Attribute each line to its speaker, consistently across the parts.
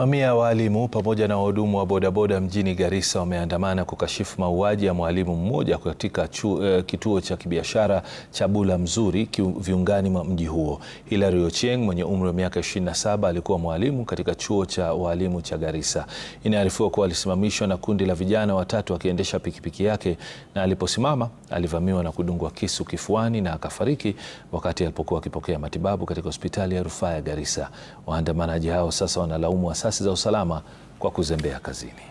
Speaker 1: Mamia ya waalimu pamoja na wahudumu wa bodaboda mjini Garissa wameandamana kukashifu mauaji ya mwalimu mmoja katika chu, eh, kituo cha kibiashara cha Bula Mzuri viungani mwa mji huo. Hilary Ochieng mwenye umri wa miaka 27 alikuwa mwalimu katika chuo cha walimu cha Garissa. Inaarifiwa kuwa alisimamishwa na kundi la vijana watatu akiendesha pikipiki yake, na aliposimama alivamiwa na kudungwa kisu kifuani na akafariki wakati alipokuwa akipokea matibabu katika hospitali ya rufaa ya Garissa. Waandamanaji hao sasa wanalaumu asasi za usalama kwa kuzembea kazini.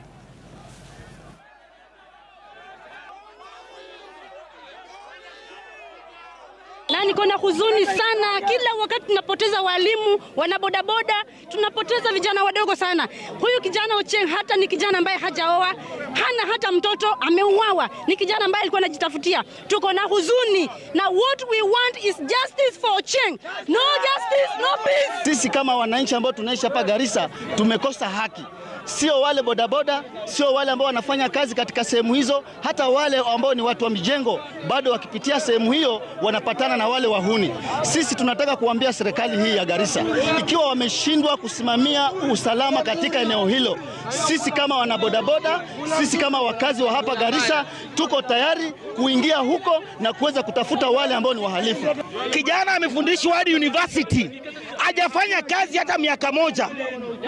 Speaker 2: na niko na huzuni sana. Kila wakati tunapoteza walimu, wanabodaboda, tunapoteza vijana wadogo sana. Huyu kijana ocheng hata ni kijana ambaye hajaoa, hana hata mtoto, ameuawa. Ni kijana ambaye alikuwa anajitafutia. Tuko na huzuni na what we want is justice for Ocheng. No justice, no peace.
Speaker 3: Sisi kama wananchi ambao tunaishi hapa Garissa tumekosa haki sio wale bodaboda, sio wale ambao wanafanya kazi katika sehemu hizo, hata wale ambao ni watu wa mijengo bado wakipitia sehemu hiyo wanapatana na wale wahuni. Sisi tunataka kuambia serikali hii ya Garissa, ikiwa wameshindwa kusimamia usalama katika eneo hilo, sisi kama wanabodaboda, sisi kama wakazi wa hapa Garissa, tuko tayari kuingia huko na kuweza kutafuta wale ambao ni wahalifu.
Speaker 4: Kijana amefundishwa hadi university hajafanya kazi hata miaka moja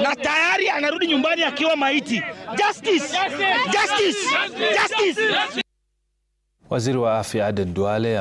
Speaker 4: na tayari anarudi nyumbani akiwa maiti. Justice! Justice! Justice! Justice! Justice! Waziri wa afya Aden Duale